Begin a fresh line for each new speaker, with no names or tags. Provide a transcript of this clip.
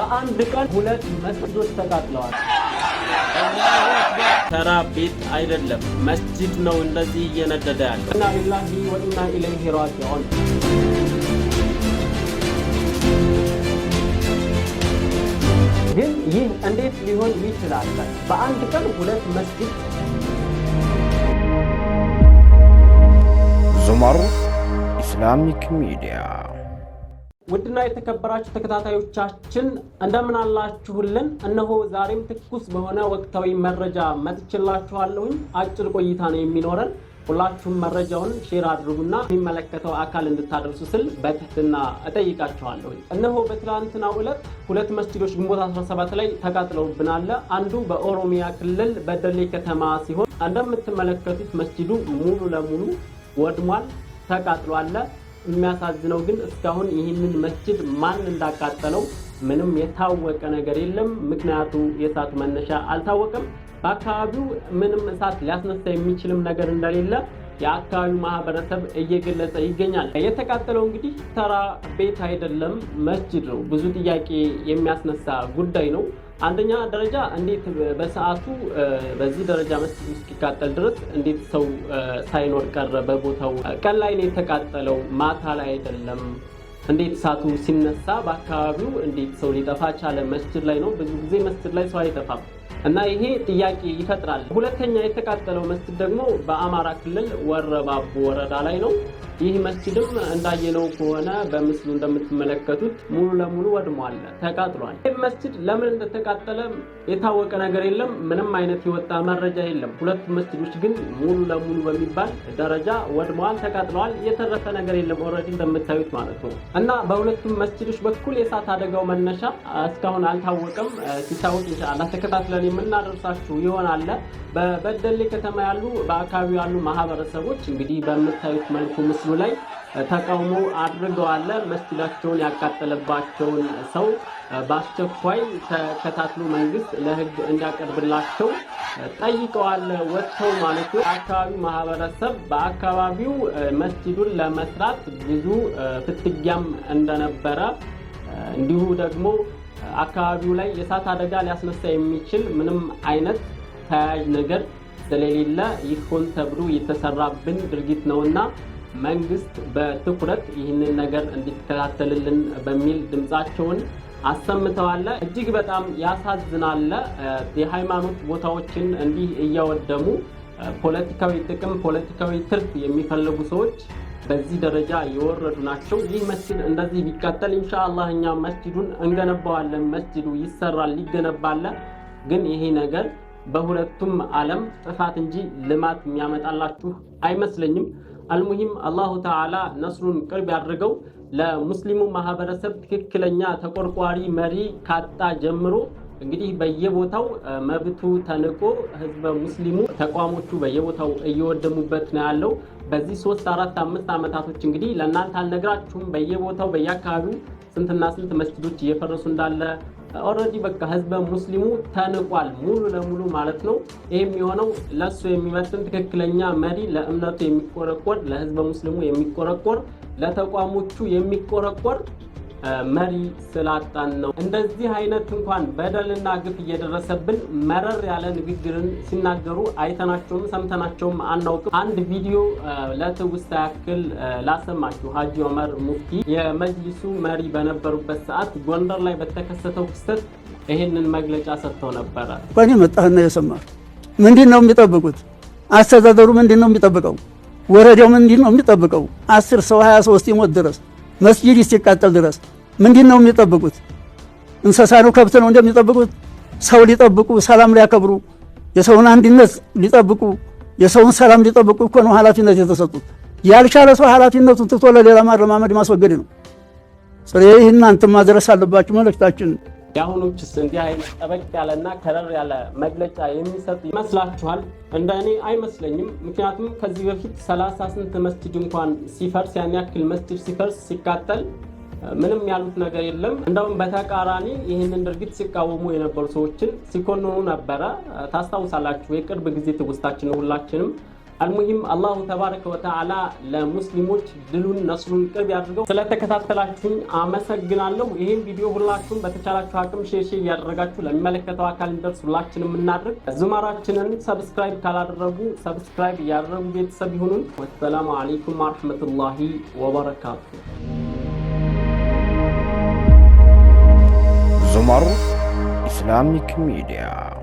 በአንድ ቀን ሁለት መስጊዶች ተቃጥለዋል። ተራ ቤት አይደለም፣ መስጂድ ነው እንደዚህ እየነደደ ያለ ኢና ሊላሂ ወኢና ኢለይሂ ራጂዑን። ግን ይህ እንዴት ሊሆን ይችላል? በአንድ ቀን ሁለት መስጊድ ዙመር ኢስላሚክ ሚዲያ
ውድና የተከበራችሁ ተከታታዮቻችን እንደምን አላችሁልን? እነሆ ዛሬም ትኩስ በሆነ ወቅታዊ መረጃ መጥችላችኋለሁኝ። አጭር ቆይታ ነው የሚኖረን። ሁላችሁም መረጃውን ሼር አድርጉና የሚመለከተው አካል እንድታደርሱ ስል በትህትና እጠይቃችኋለሁኝ። እነሆ በትላንትናው ዕለት ሁለት መስጂዶች ግንቦት 17 ላይ ተቃጥለውብናል። አንዱ በኦሮሚያ ክልል በደሌ ከተማ ሲሆን እንደምትመለከቱት መስጂዱ ሙሉ ለሙሉ ወድሟል፣ ተቃጥሏል። የሚያሳዝነው ግን እስካሁን ይህንን መስጅድ ማን እንዳቃጠለው ምንም የታወቀ ነገር የለም። ምክንያቱ የእሳቱ መነሻ አልታወቀም። በአካባቢው ምንም እሳት ሊያስነሳ የሚችልም ነገር እንደሌለ የአካባቢው ማህበረሰብ እየገለጸ ይገኛል። የተቃጠለው እንግዲህ ተራ ቤት አይደለም፣ መስጅድ ነው። ብዙ ጥያቄ የሚያስነሳ ጉዳይ ነው። አንደኛ ደረጃ እንዴት በሰዓቱ በዚህ ደረጃ መስጊድ እስኪቃጠል ድረስ እንዴት ሰው ሳይኖር ቀረ በቦታው? ቀን ላይ ነው የተቃጠለው፣ ማታ ላይ አይደለም። እንዴት እሳቱ ሲነሳ በአካባቢው እንዴት ሰው ሊጠፋ ቻለ? መስጅድ ላይ ነው። ብዙ ጊዜ መስጅድ ላይ ሰው አይጠፋም። እና ይሄ ጥያቄ ይፈጥራል። ሁለተኛ የተቃጠለው መስጂድ ደግሞ በአማራ ክልል ወረባቦ ወረዳ ላይ ነው። ይህ መስጂድም እንዳየነው ከሆነ በምስሉ እንደምትመለከቱት ሙሉ ለሙሉ ወድሟል፣ ተቃጥሏል። ይህ መስጂድ ለምን እንደተቃጠለ የታወቀ ነገር የለም። ምንም አይነት የወጣ መረጃ የለም። ሁለቱ መስጂዶች ግን ሙሉ ለሙሉ በሚባል ደረጃ ወድመዋል፣ ተቃጥለዋል። የተረፈ ነገር የለም። ኦልሬዲ እንደምታዩት ማለት ነው። እና በሁለቱም መስጂዶች በኩል የእሳት አደጋው መነሻ እስካሁን አልታወቀም። ሲታወቅ ኢንሻላህ ተከታትለ አድርገን የምናደርሳችሁ ይሆናል። በበደሌ ከተማ ያሉ በአካባቢው ያሉ ማህበረሰቦች እንግዲህ በምታዩት መልኩ ምስሉ ላይ ተቃውሞ አድርገዋል። መስጊዳቸውን ያቃጠለባቸውን ሰው በአስቸኳይ ተከታትሎ መንግስት ለህግ እንዲያቀርብላቸው ጠይቀዋል። ወጥተው ማለት ነው። አካባቢው ማህበረሰብ በአካባቢው መስጅዱን ለመስራት ብዙ ፍትጊያም እንደነበረ እንዲሁ ደግሞ አካባቢው ላይ የእሳት አደጋ ሊያስነሳ የሚችል ምንም አይነት ተያያዥ ነገር ስለሌለ ይህ ሆን ተብሎ የተሰራብን ድርጊት ነውና መንግስት በትኩረት ይህንን ነገር እንዲከታተልልን በሚል ድምፃቸውን አሰምተዋለ እጅግ በጣም ያሳዝናለ የሃይማኖት ቦታዎችን እንዲህ እያወደሙ ፖለቲካዊ ጥቅም፣ ፖለቲካዊ ትርፍ የሚፈልጉ ሰዎች በዚህ ደረጃ የወረዱ ናቸው። ይህ መስጅድ እንደዚህ ቢቀጠል ኢንሻአላህ እኛ መስጅዱን እንገነባዋለን። መስጅዱ ይሰራል፣ ሊገነባለ ግን ይሄ ነገር በሁለቱም ዓለም ጥፋት እንጂ ልማት የሚያመጣላችሁ አይመስለኝም። አልሙሂም አላሁ ተዓላ ነስሩን ቅርብ ያድርገው። ለሙስሊሙ ማህበረሰብ ትክክለኛ ተቆርቋሪ መሪ ካጣ ጀምሮ እንግዲህ በየቦታው መብቱ ተንቆ ህዝበ ሙስሊሙ ተቋሞቹ በየቦታው እየወደሙበት ነው ያለው። በዚህ ሶስት አራት አምስት ዓመታቶች እንግዲህ ለእናንተ አልነግራችሁም። በየቦታው በየአካባቢው ስንትና ስንት መስጊዶች እየፈረሱ እንዳለ ኦልሬዲ በቃ ህዝበ ሙስሊሙ ተንቋል ሙሉ ለሙሉ ማለት ነው። ይህም የሆነው ለእሱ የሚመጥን ትክክለኛ መሪ፣ ለእምነቱ የሚቆረቆር፣ ለህዝበ ሙስሊሙ የሚቆረቆር፣ ለተቋሞቹ የሚቆረቆር መሪ ስላጣን ነው። እንደዚህ አይነት እንኳን በደልና ግፍ እየደረሰብን መረር ያለ ንግግርን ሲናገሩ አይተናቸውም ሰምተናቸውም አናውቅም። አንድ ቪዲዮ ለትውስታ ያክል ላሰማችሁ። ሀጂ ኦመር ሙፍቲ የመጅሊሱ መሪ በነበሩበት ሰዓት ጎንደር ላይ በተከሰተው ክስተት ይህንን መግለጫ ሰጥተው ነበረ።
እንኳን መጣህና የሰማ ምንድን ነው የሚጠብቁት? አስተዳደሩ ምንድን ነው የሚጠብቀው? ወረዳው ምንድን ነው የሚጠብቀው? አስር ሰው ሀያ ሶስት ይሞት ድረስ መስጂድ እስኪቃጠል ድረስ ምንድን ነው የሚጠብቁት? እንስሳ ነው ከብት ነው እንደሚጠብቁት? ሰው ሊጠብቁ ሰላም ሊያከብሩ የሰውን አንድነት ሊጠብቁ የሰውን ሰላም ሊጠብቁ እኮ ነው ኃላፊነት የተሰጡት። ያልቻለ ሰው ኃላፊነቱን ትቶ ለሌላ ማረማመድ ማስወገድ ነው። ስለዚህ ይህን ማድረስ አለባችሁ መልእክታችን
የአሁኖችስ እንዲህ አይነት ጠበቅ ያለና ከረር ያለ መግለጫ የሚሰጥ ይመስላችኋል? እንደ እኔ አይመስለኝም። ምክንያቱም ከዚህ በፊት ሰላሳ ስንት መስጅድ እንኳን ሲፈርስ ያን ያክል መስጅድ ሲፈርስ ሲቃጠል ምንም ያሉት ነገር የለም። እንደውም በተቃራኒ ይህንን ድርጊት ሲቃወሙ የነበሩ ሰዎችን ሲኮንኑ ነበረ። ታስታውሳላችሁ? የቅርብ ጊዜ ትውስታችን ሁላችንም አልሙሂም አላሁ ተባረከ ወተዓላ ለሙስሊሞች ድሉን ነስሩን ቅርብ ያድርገው። ስለተከታተላችሁኝ አመሰግናለሁ። ይህም ቪዲዮ ሁላችሁም በተቻላችሁ አቅም ሼር እያደረጋችሁ ለሚመለከተው አካል እንዲደርስ ሁላችንም እናድርግ። ዝማራችንን ሰብስክራይብ ካላደረጉ ሰብስክራይብ እያደረጉ ቤተሰብ ይሁኑን። ወሰላሙ አለይኩም ወረሕመቱላሂ ወበረካቱ። ዙማሩ ኢስላሚክ ሚዲያ